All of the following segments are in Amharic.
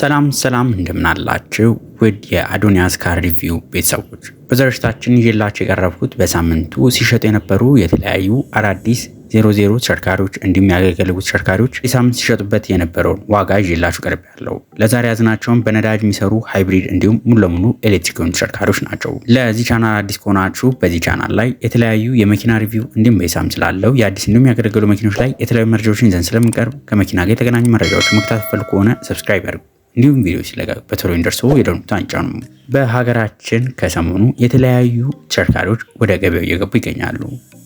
ሰላም ሰላም እንደምናላችሁ ውድ የአዶኒያስ ካር ሪቪው ቤተሰቦች በዝግጅታችን ይዤላችሁ የቀረብኩት በሳምንቱ ሲሸጡ የነበሩ የተለያዩ አዳዲስ ዜሮ ዜሮ ተሽከርካሪዎች እንዲሁም ያገለገሉ ተሽከርካሪዎች የሳምንት ሲሸጡበት የነበረውን ዋጋ ይዤላችሁ ቀርብ ያለው ለዛሬ ያዝናቸውን በነዳጅ የሚሰሩ ሃይብሪድ እንዲሁም ሙሉ ለሙሉ ኤሌክትሪክ የሆኑ ተሽከርካሪዎች ናቸው። ለዚህ ቻናል አዲስ ከሆናችሁ በዚህ ቻናል ላይ የተለያዩ የመኪና ሪቪው እንዲሁም በሂሳብ ስላለው የአዲስ እንዲሁም ያገለገሉ መኪኖች ላይ የተለያዩ መረጃዎችን ይዘን ስለምንቀርብ ከመኪና ጋር የተገናኙ መረጃዎች መከታተል ከሆነ ሰብስክራይብ ያድርጉ። እንዲሁም ቪዲዮ ሲለቀቅ በቶሎ እንዲደርሶ የደኑት አንጫኑ። በሀገራችን ከሰሞኑ የተለያዩ ተሽከርካሪዎች ወደ ገበያው እየገቡ ይገኛሉ።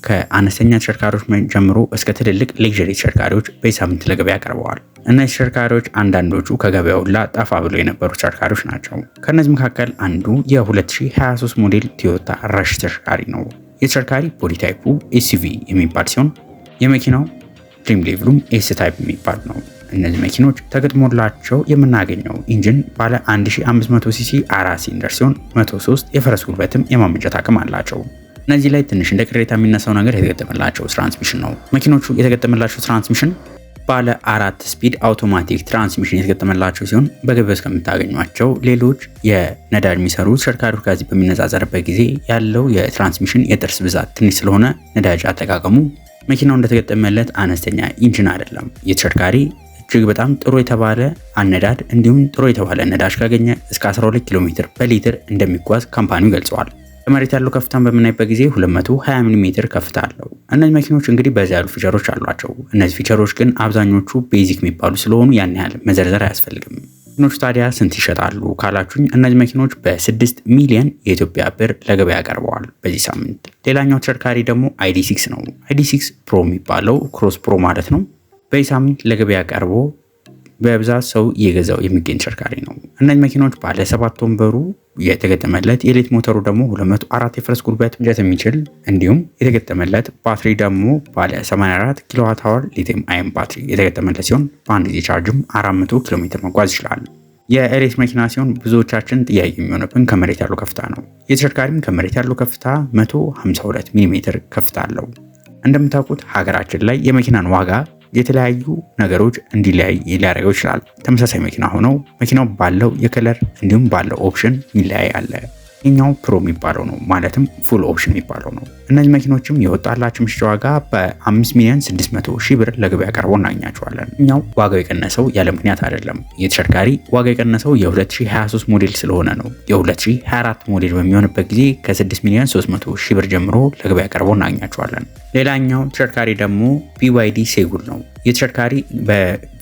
ከአነስተኛ ተሽከርካሪዎች ጀምሮ እስከ ትልልቅ ሌክዥሪ ተሽከርካሪዎች በሳምንት ለገበያ ቀርበዋል። እነዚህ ተሽከርካሪዎች አንዳንዶቹ ከገበያው ላ ጠፋ ብሎ የነበሩ ተሽከርካሪዎች ናቸው። ከእነዚህ መካከል አንዱ የ2023 ሞዴል ቶዮታ ረሽ ተሽከርካሪ ነው። የተሽከርካሪ ቦዲ ታይፑ የሚባል ሲሆን የመኪናው ድሪም ሌቭሉም ኤስ ታይፕ የሚባል ነው። እነዚህ መኪኖች ተገጥሞላቸው የምናገኘው ኢንጂን ባለ 1500 ሲሲ አራት ሲንደር ሲሆን 103 የፈረስ ጉልበትም የማመንጨት አቅም አላቸው። እነዚህ ላይ ትንሽ እንደ ቅሬታ የሚነሳው ነገር የተገጠመላቸው ትራንስሚሽን ነው። መኪኖቹ የተገጠመላቸው ትራንስሚሽን ባለ አራት ስፒድ አውቶማቲክ ትራንስሚሽን የተገጠመላቸው ሲሆን በገበስ ከምታገኟቸው ሌሎች የነዳጅ የሚሰሩ ተሽከርካሪዎች ጋር በሚነጻጸርበት ጊዜ ያለው የትራንስሚሽን የጥርስ ብዛት ትንሽ ስለሆነ ነዳጅ አጠቃቀሙ መኪናው እንደተገጠመለት አነስተኛ ኢንጂን አይደለም። የተሽከርካሪ እጅግ በጣም ጥሩ የተባለ አነዳድ እንዲሁም ጥሩ የተባለ ነዳጅ ካገኘ እስከ 12 ኪሎ ሜትር በሊትር እንደሚጓዝ ካምፓኒው ገልጸዋል። መሬት ያለው ከፍታን በምናይበት ጊዜ 220 ሚሊ ሜትር ከፍታ አለው። እነዚህ መኪኖች እንግዲህ በዛ ያሉ ፊቸሮች አሏቸው። እነዚህ ፊቸሮች ግን አብዛኞቹ ቤዚክ የሚባሉ ስለሆኑ ያን ያህል መዘርዘር አያስፈልግም። መኪኖች ታዲያ ስንት ይሸጣሉ ካላችሁኝ፣ እነዚህ መኪኖች በ6 ሚሊዮን የኢትዮጵያ ብር ለገበያ ቀርበዋል በዚህ ሳምንት። ሌላኛው ተሽከርካሪ ደግሞ አይዲ6 ነው። አይዲ6 ፕሮ የሚባለው ክሮስ ፕሮ ማለት ነው። በዚህ ሳምንት ለገበያ ቀርቦ በብዛት ሰው እየገዛው የሚገኝ ተሽከርካሪ ነው። እነዚህ መኪናዎች ባለ ሰባት ወንበሩ የተገጠመለት የሌት ሞተሩ ደግሞ 204 የፈረስ ጉልበት ለት የሚችል እንዲሁም የተገጠመለት ባትሪ ደግሞ ባለ 84 ኪሎዋት አወር ሊቲየም አየን ባትሪ የተገጠመለት ሲሆን በአንድ ጊዜ ቻርጅም 400 ኪሎ ሜትር መጓዝ ይችላል። የኤሌት መኪና ሲሆን ብዙዎቻችን ጥያቄ የሚሆንብን ከመሬት ያለው ከፍታ ነው። የተሽከርካሪም ከመሬት ያለው ከፍታ 152 ሚሜ ከፍታ አለው። እንደምታውቁት ሀገራችን ላይ የመኪናን ዋጋ የተለያዩ ነገሮች እንዲለያይ ሊያደርገው ይችላል። ተመሳሳይ መኪና ሆነው መኪናው ባለው የከለር እንዲሁም ባለው ኦፕሽን ይለያያል። ኛው ፕሮ የሚባለው ነው ማለትም ፉል ኦፕሽን የሚባለው ነው። እነዚህ መኪኖችም የወጣላቸው ምሽጫ ዋጋ በ5 ሚሊዮን 600 ሺህ ብር ለገበያ ቀርቦ እናገኛቸዋለን። እኛው ዋጋው የቀነሰው ያለ ምክንያት አይደለም። የተሽከርካሪ ዋጋ የቀነሰው የ2023 ሞዴል ስለሆነ ነው። የ2024 ሞዴል በሚሆንበት ጊዜ ከ6 ሚሊዮን 300 ሺህ ብር ጀምሮ ለገበያ ቀርቦ እናገኛቸዋለን። ሌላኛው ተሽከርካሪ ደግሞ ቢዋይዲ ሴጉል ነው። የተሽከርካሪ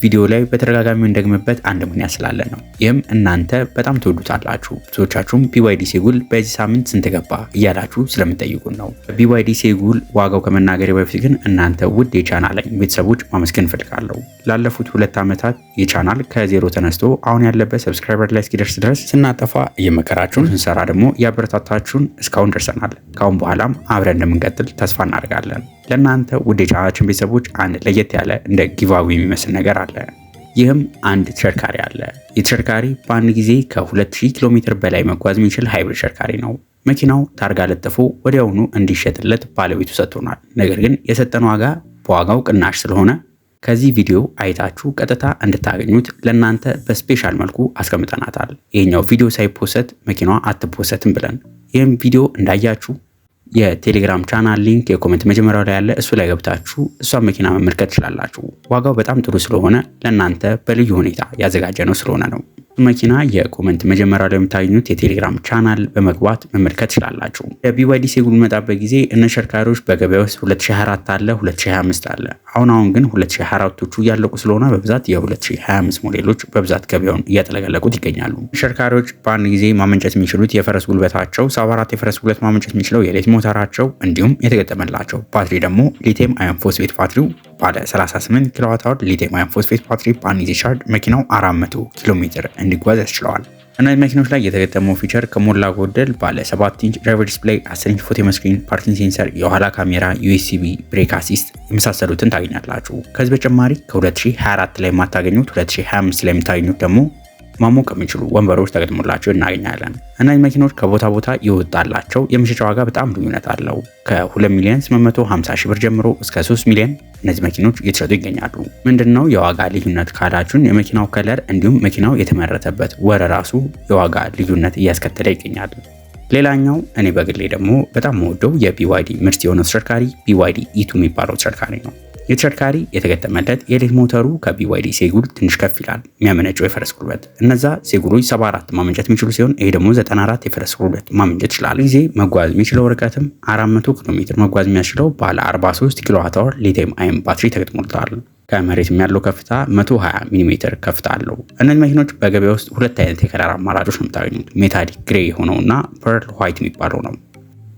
ቪዲዮ ላይ በተደጋጋሚ እንደግምበት አንድ ምክንያት ስላለ ነው። ይህም እናንተ በጣም ትወዱታላችሁ። ብዙዎቻችሁም ቢዋይዲ ሴጉል በዚህ ሳምንት ስንት ገባ እያላችሁ ስለምጠይቁን ነው። በቢዋይዲ ሴጉል ዋጋው ከመናገሬ በፊት ግን እናንተ ውድ የቻናለኝ ቤተሰቦች ማመስገን ፈልጋለሁ። ላለፉት ሁለት ዓመታት የቻናል ከዜሮ ተነስቶ አሁን ያለበት ሰብስክራይበር ላይ እስኪደርስ ድረስ ስናጠፋ እየመከራችሁን ስንሰራ ደግሞ ያበረታታችሁን እስካሁን ደርሰናል። ካሁን በኋላም አብረን እንደምንቀጥል ተስፋ እናደርጋለን። ለእናንተ ውድ የቻናላችን ቤተሰቦች አንድ ለየት ያለ እንደ ጊቫዊ የሚመስል ነገር አለ። ይህም አንድ ተሽከርካሪ አለ። የተሽከርካሪ በአንድ ጊዜ ከ2000 ኪሎ ሜትር በላይ መጓዝ የሚችል ሃይብሪድ ተሽከርካሪ ነው። መኪናው ታርጋ ለጥፎ ወዲያውኑ እንዲሸጥለት ባለቤቱ ሰጥቶናል። ነገር ግን የሰጠን ዋጋ በዋጋው ቅናሽ ስለሆነ ከዚህ ቪዲዮ አይታችሁ ቀጥታ እንድታገኙት ለእናንተ በስፔሻል መልኩ አስቀምጠናታል። ይህኛው ቪዲዮ ሳይፖሰት መኪናዋ አትፖሰትም ብለን ይህም ቪዲዮ እንዳያችሁ የቴሌግራም ቻናል ሊንክ የኮሜንት መጀመሪያው ላይ ያለ እሱ ላይ ገብታችሁ እሷን መኪና መመልከት ትችላላችሁ። ዋጋው በጣም ጥሩ ስለሆነ ለእናንተ በልዩ ሁኔታ ያዘጋጀ ነው ስለሆነ ነው። መኪና የኮመንት መጀመሪያ ላይ የምታገኙት የቴሌግራም ቻናል በመግባት መመልከት ትችላላችሁ። ለቢዋይዲሲ የምንመጣበት ጊዜ እነሸርካሪዎች በገበያ ውስጥ 2024 አለ፣ 2025 አለ። አሁን አሁን ግን 2024ቶቹ እያለቁ ስለሆነ በብዛት የ2025 ሞዴሎች በብዛት ገበያውን እያጠለቀለቁት ይገኛሉ። ሸርካሪዎች በአንድ ጊዜ ማመንጨት የሚችሉት የፈረስ ጉልበታቸው 74 የፈረስ ጉልበት ማመንጨት የሚችለው የሌት ሞተራቸው እንዲሁም የተገጠመላቸው ባትሪ ደግሞ ሊቴም አየን ፎስፌት ባትሪው ባለ 38 ኪሎዋት ሊቲየም አየን ፎስፌት ባትሪ በአንድ ቻርጅ መኪናው 400 ኪሎ ሜትር እንዲጓዝ ያስችለዋል። እነዚህ መኪኖች ላይ የተገጠመው ፊቸር ከሞላ ጎደል ባለ 7 ኢንች ድራይቨር ዲስፕሌይ፣ 10 ኢንች ፎቶ መስክሪን፣ ፓርኪንግ ሴንሰር፣ የኋላ ካሜራ፣ ዩኤስቢ፣ ብሬክ አሲስት የመሳሰሉትን ታገኛላችሁ። ከዚህ በተጨማሪ ከ2024 ላይ የማታገኙት 2025 ላይ የምታገኙት ደግሞ ማሞቅ የሚችሉ ወንበሮች ተገጥሞላቸው እናገኛለን። እነዚህ መኪኖች ከቦታ ቦታ ይወጣላቸው የመሸጫ ዋጋ በጣም ልዩነት አለው። ከ2 ሚሊዮን 850 ሺህ ብር ጀምሮ እስከ 3 ሚሊዮን እነዚህ መኪኖች እየተሸጡ ይገኛሉ። ምንድነው የዋጋ ልዩነት ካላችሁን የመኪናው ከለር እንዲሁም መኪናው የተመረተበት ወር ራሱ የዋጋ ልዩነት እያስከተለ ይገኛል። ሌላኛው እኔ በግሌ ደግሞ በጣም መወደው የቢዋይዲ ምርት የሆነው ተሽከርካሪ ቢዋይዲ ኢቱ የሚባለው ተሽከርካሪ ነው። የተሽከርካሪ የተገጠመለት የኤሌክትሪክ ሞተሩ ከቢዋይዲ ሴጉል ትንሽ ከፍ ይላል። የሚያመነጨው የፈረስ ጉልበት እነዛ ሴጉሎች 74 ማመንጨት የሚችሉ ሲሆን ይሄ ደግሞ 94 የፈረስ ጉልበት ማመንጨት ይችላል። ጊዜ መጓዝ የሚችለው ርቀትም 400 ኪሎ ሜትር መጓዝ የሚያስችለው ባለ 43 ኪሎ አወር ሊቲየም አየን ባትሪ ተገጥሞልታል። ከመሬትም ያለው ከፍታ 120 ሚሜ ከፍታ አለው። እነዚህ መኪኖች በገበያ ውስጥ ሁለት አይነት የከለር አማራጮች ነው የምታገኙት። ሜታሊክ ግሬ የሆነውና ፐርል ዋይት የሚባለው ነው።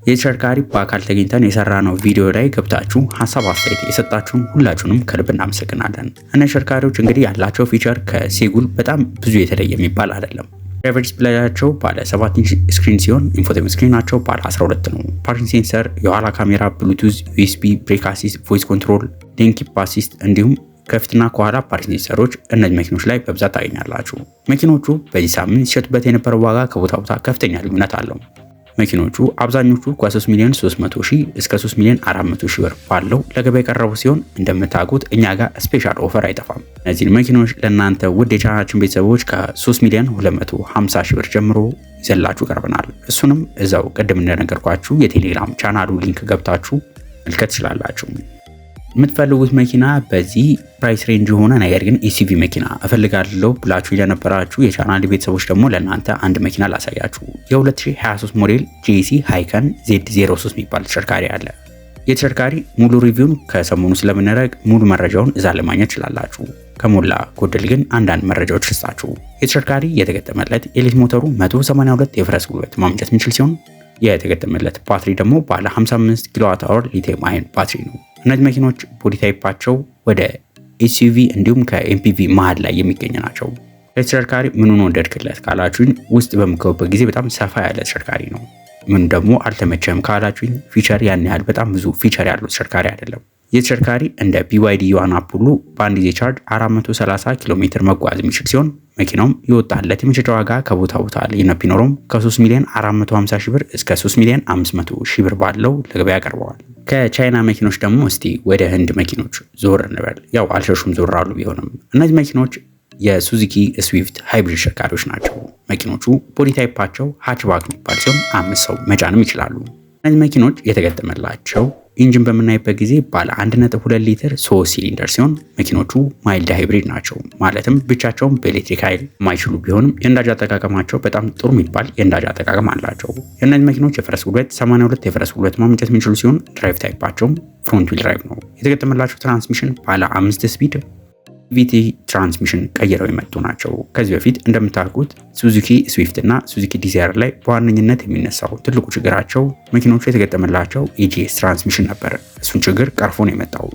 የተሽከርካሪ በአካል ተገኝተን የሰራ ነው ቪዲዮ ላይ ገብታችሁ ሀሳብ አስተያየት የሰጣችሁን ሁላችሁንም ከልብ እናመሰግናለን። እነ ተሽከርካሪዎች እንግዲህ ያላቸው ፊቸር ከሴጉል በጣም ብዙ የተለየ የሚባል አይደለም። ድራይቨር ዲስፕሌያቸው ባለ 7 ኢንች ስክሪን ሲሆን ኢንፎቴመንት ስክሪናቸው ባለ 12 ነው። ፓርኪንግ ሴንሰር፣ የኋላ ካሜራ፣ ብሉቱዝ፣ ዩኤስቢ፣ ብሬክ አሲስት፣ ቮይስ ኮንትሮል፣ ሌን ኪፕ አሲስት እንዲሁም ከፊትና ከኋላ ፓርኪንግ ሴንሰሮች እነዚህ መኪኖች ላይ በብዛት ታገኛላችሁ። መኪኖቹ በዚህ ሳምንት ሲሸጡበት የነበረው ዋጋ ከቦታ ቦታ ከፍተኛ ልዩነት አለው። መኪኖቹ አብዛኞቹ ከ3 ሚሊዮን 300 ሺህ እስከ 3 ሚሊዮን 400 ሺህ ብር ባለው ለገበያ የቀረቡ ሲሆን እንደምታውቁት እኛ ጋር ስፔሻል ኦፈር አይጠፋም። እነዚህን መኪኖች ለእናንተ ውድ የቻናችን ቤተሰቦች ከ3 ሚሊዮን 250 ሺህ ብር ጀምሮ ይዘላችሁ ቀርበናል። እሱንም እዛው ቅድም እንደነገርኳችሁ የቴሌግራም ቻናሉ ሊንክ ገብታችሁ መልከት ትችላላችሁ። የምትፈልጉት መኪና በዚህ ፕራይስ ሬንጅ የሆነ ነገር ግን ኤሲቪ መኪና እፈልጋለሁ ብላችሁ ለነበራችሁ የቻናል ቤተሰቦች ደግሞ ለእናንተ አንድ መኪና ላሳያችሁ። የ2023 ሞዴል ጄሲ ሃይከን ዜድ 03 የሚባል ተሽከርካሪ አለ። የተሽከርካሪ ሙሉ ሪቪውን ከሰሞኑ ስለምንረግ ሙሉ መረጃውን እዛ ለማግኘት ችላላችሁ። ከሞላ ጎደል ግን አንዳንድ መረጃዎች ልስጣችሁ። የተሽከርካሪ የተገጠመለት ኤሌት ሞተሩ 182 የፈረስ ጉልበት ማመንጨት የሚችል ሲሆን የተገጠመለት ባትሪ ደግሞ ባለ 55 ኪሎዋት አወር ሊቲየም ባትሪ ነው። እነዚህ መኪኖች ቦዲ ታይፓቸው ወደ ኤስዩቪ እንዲሁም ከኤምፒቪ መሀል ላይ የሚገኝ ናቸው። ለተሽከርካሪ ምኑን ወደድክለት ካላችሁኝ ውስጥ በምገቡበት ጊዜ በጣም ሰፋ ያለ ተሽከርካሪ ነው። ምን ደግሞ አልተመቸም ካላችሁኝ ፊቸር ያን ያህል በጣም ብዙ ፊቸር ያለው ተሽከርካሪ አይደለም። ይህ ተሽከርካሪ እንደ ቢዋይዲ ዩዋን አፕ ሁሉ በአንድ ጊዜ ቻርጅ 430 ኪሎ ሜትር መጓዝ የሚችል ሲሆን መኪናውም የወጣለት የመሸጫ ዋጋ ከቦታ ቦታ ልዩነት ቢኖረውም ከ3 ሚሊዮን 450 ሺህ ብር እስከ 3 ሚሊዮን 500 ሺህ ብር ባለው ለገበያ ያቀርበዋል። ከቻይና መኪኖች ደግሞ እስቲ ወደ ህንድ መኪኖች ዞር እንበል። ያው አልሸሹም ዞር አሉ። ቢሆንም እነዚህ መኪኖች የሱዚኪ ስዊፍት ሃይብሪድ ሸካሪዎች ናቸው። መኪኖቹ ታይፓቸው ሃችባክ የሚባል ሲሆን አምስት ሰው መጫንም ይችላሉ። እነዚህ መኪኖች የተገጠመላቸው ኢንጂን በምናይበት ጊዜ ባለ 1.2 ሊትር ሶስት ሲሊንደር ሲሆን መኪኖቹ ማይልድ ሃይብሪድ ናቸው። ማለትም ብቻቸውን በኤሌክትሪክ ኃይል የማይችሉ ቢሆንም የነዳጅ አጠቃቀማቸው በጣም ጥሩ የሚባል የነዳጅ አጠቃቀም አላቸው። የእነዚህ መኪኖች የፈረስ ጉልበት 82 የፈረስ ጉልበት ማመንጨት የሚችሉ ሲሆን ድራይቭ ታይፓቸውም ፍሮንት ዊል ድራይቭ ነው። የተገጠመላቸው ትራንስሚሽን ባለ አምስት ስፒድ ቪቲ ትራንስሚሽን ቀይረው የመጡ ናቸው። ከዚህ በፊት እንደምታውቁት ሱዙኪ ስዊፍት እና ሱዙኪ ዲዛይር ላይ በዋነኝነት የሚነሳው ትልቁ ችግራቸው መኪኖቹ የተገጠመላቸው ኤጂኤስ ትራንስሚሽን ነበር። እሱን ችግር ቀርፎ ነው የመጣው።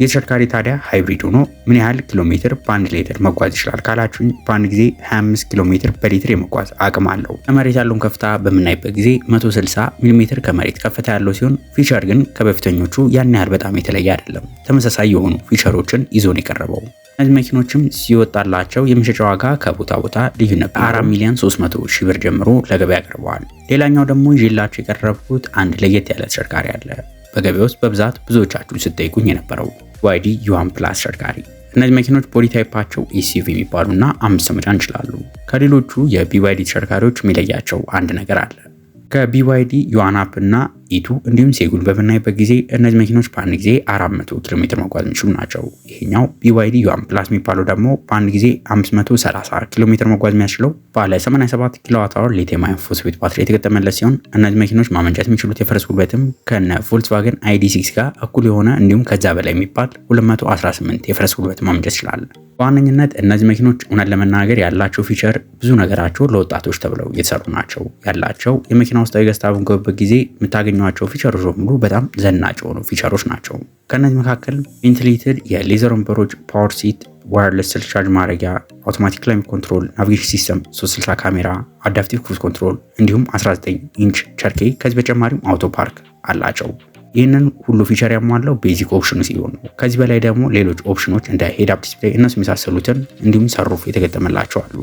የተሽከርካሪ ታዲያ ሃይብሪድ ሆኖ ምን ያህል ኪሎ ሜትር በአንድ ሊትር መጓዝ ይችላል ካላችሁኝ፣ በአንድ ጊዜ 25 ኪሎ ሜትር በሊትር የመጓዝ አቅም አለው። ከመሬት ያለውን ከፍታ በምናይበት ጊዜ 160 ሚሜ ከመሬት ከፍታ ያለው ሲሆን ፊቸር ግን ከበፊተኞቹ ያን ያህል በጣም የተለየ አይደለም። ተመሳሳይ የሆኑ ፊቸሮችን ይዞን የቀረበው። እነዚህ መኪኖችም ሲወጣላቸው የመሸጫ ዋጋ ከቦታ ቦታ ልዩ ነበር። አራት ሚሊዮን 300 ሺህ ብር ጀምሮ ለገበያ ቀርበዋል። ሌላኛው ደግሞ ዥላቸው የቀረብኩት አንድ ለየት ያለ ተሽከርካሪ አለ። በገበያ ውስጥ በብዛት ብዙዎቻችሁ ስትጠይቁኝ የነበረው ዋይዲ ዩሃን ፕላስ ተሽከርካሪ። እነዚህ መኪኖች ቦዲ ታይፓቸው ኤስዩቪ የሚባሉና አምስት መጫን ይችላሉ። ከሌሎቹ የቢዋይዲ ተሽከርካሪዎች የሚለያቸው አንድ ነገር አለ። ከቢዋይዲ ዩዋን አፕ እና ኢቱ እንዲሁም ሴጉል በምናይበት ጊዜ እነዚህ መኪኖች በአንድ ጊዜ 400 ኪሎ ሜትር መጓዝ የሚችሉ ናቸው። ይሄኛው ቢዋይዲ ዩአን ፕላስ የሚባለው ደግሞ በአንድ ጊዜ 530 ኪሎ ሜትር መጓዝ የሚያስችለው ባለ 87 ኪሎዋት አወር ሊቲየም አየን ፎስፌት ባትሪ የተገጠመለት ሲሆን እነዚህ መኪኖች ማመንጨት የሚችሉት የፈረስ ጉልበትም ከነ ቮልክስዋገን አይዲ6 ጋር እኩል የሆነ እንዲሁም ከዛ በላይ የሚባል 218 የፈረስ ጉልበት ማመንጨት ይችላል። በዋነኝነት እነዚህ መኪኖች እውነት ለመናገር ያላቸው ፊቸር ብዙ ነገራቸው ለወጣቶች ተብለው የተሰሩ ናቸው። ያላቸው የመኪና ውስጣዊ ገጽታ በምንጎበት ጊዜ የምታገኘ የምናያቸው ፊቸሮች በሙሉ በጣም ዘናጭ የሆኑ ፊቸሮች ናቸው። ከእነዚህ መካከል ኢንትሌትድ የሌዘር ወንበሮች፣ ፓወር ሲት፣ ዋርለስ ስልክ ቻርጅ ማድረጊያ፣ አውቶማቲክ ክላይሜት ኮንትሮል፣ ናቪጌሽን ሲስተም፣ 360 ካሜራ፣ አዳፕቲቭ ክሩዝ ኮንትሮል እንዲሁም 19 ኢንች ቸርኬ ከዚህ በተጨማሪም አውቶ ፓርክ አላቸው። ይህንን ሁሉ ፊቸር ያሟላው ቤዚክ ኦፕሽኑ ሲሆን ከዚህ በላይ ደግሞ ሌሎች ኦፕሽኖች እንደ ሄድ አፕ ዲስፕሌይ እነሱ የመሳሰሉትን እንዲሁም ሰሩፍ የተገጠመላቸው አሉ።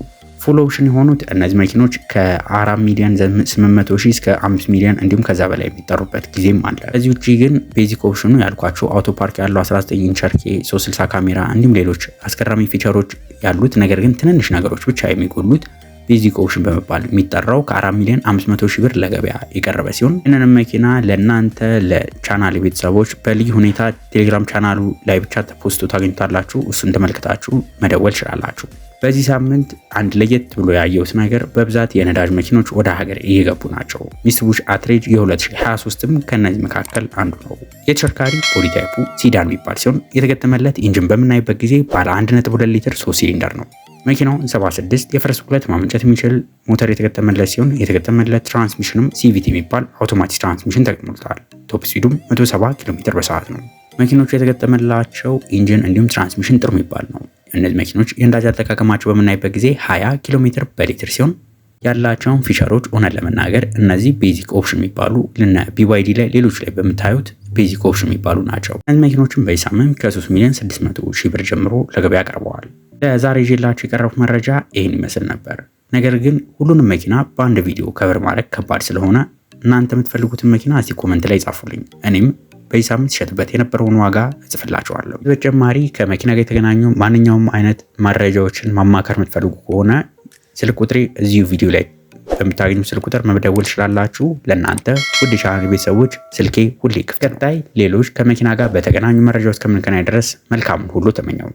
ፉል ኦፕሽን የሆኑት እነዚህ መኪኖች ከ4 ሚሊዮን 800 ሺህ እስከ 5 ሚሊዮን እንዲሁም ከዛ በላይ የሚጠሩበት ጊዜም አለ። ከዚህ ውጭ ግን ቤዚክ ኦፕሽኑ ያልኳቸው አውቶ ፓርክ ያለው 19 ኢንች አርኬ 360 ካሜራ እንዲሁም ሌሎች አስገራሚ ፊቸሮች ያሉት ነገር ግን ትንንሽ ነገሮች ብቻ የሚጎሉት ቤዚክ ኦፕሽን በመባል የሚጠራው ከ4 ሚሊዮን 500 ሺህ ብር ለገበያ የቀረበ ሲሆን ይህንንም መኪና ለእናንተ ለቻናል ቤተሰቦች በልዩ ሁኔታ ቴሌግራም ቻናሉ ላይ ብቻ ተፖስቶ ታገኝታላችሁ። እሱን ተመልክታችሁ መደወል ችላላችሁ። በዚህ ሳምንት አንድ ለየት ብሎ ያየሁት ነገር በብዛት የነዳጅ መኪኖች ወደ ሀገር እየገቡ ናቸው። ሚትሱቢሺ አትሬጅ የ2023ም ከእነዚህ መካከል አንዱ ነው። የተሽከርካሪ ፖሊታይፑ ሲዳን የሚባል ሲሆን የተገጠመለት ኢንጂን በምናይበት ጊዜ ባለ 1.2 ሊትር ሶ ሲሊንደር ነው። መኪናው 76 የፈረስ ጉልበት ማመንጨት የሚችል ሞተር የተገጠመለት ሲሆን የተገጠመለት ትራንስሚሽንም ሲቪቲ የሚባል አውቶማቲክ ትራንስሚሽን ተገጥሞለታል። ቶፕ ስፒዱም 170 ኪሎ ሜትር በሰዓት ነው። መኪኖቹ የተገጠመላቸው ኢንጂን እንዲሁም ትራንስሚሽን ጥሩ የሚባል ነው። እነዚህ መኪኖች የነዳጅ አጠቃቀማቸው በምናይበት ጊዜ 20 ኪሎ ሜትር በሊትር ሲሆን ያላቸውን ፊቸሮች እውነት ለመናገር እነዚህ ቤዚክ ኦፕሽን የሚባሉ ልና ቢዋይዲ ላይ ሌሎች ላይ በምታዩት ቤዚክ ኦፕሽን የሚባሉ ናቸው። እነዚህ መኪኖችን በዚህ ከ3 ሚሊዮን 600 ሺህ ብር ጀምሮ ለገበያ ቀርበዋል። ለዛሬ ይዤላችሁ የቀረቡት መረጃ ይህን ይመስል ነበር። ነገር ግን ሁሉንም መኪና በአንድ ቪዲዮ ከብር ማድረግ ከባድ ስለሆነ እናንተ የምትፈልጉትን መኪና እዚህ ኮመንት ላይ ጻፉልኝ እኔም በዚህ ሳምንት የነበረውን ዋጋ እጽፍላችኋለሁ። በተጨማሪ ከመኪና ጋር የተገናኙ ማንኛውም አይነት መረጃዎችን ማማከር የምትፈልጉ ከሆነ ስልክ ቁጥሬ እዚሁ ቪዲዮ ላይ በምታገኙ ስልክ ቁጥር መደወል ትችላላችሁ። ለእናንተ ውድ ቻናል ቤተሰቦች ስልኬ ሁሌ ክፍት። ቀጣይ ሌሎች ከመኪና ጋር በተገናኙ መረጃዎች እስከምንገናኝ ድረስ መልካሙን ሁሉ ተመኘው።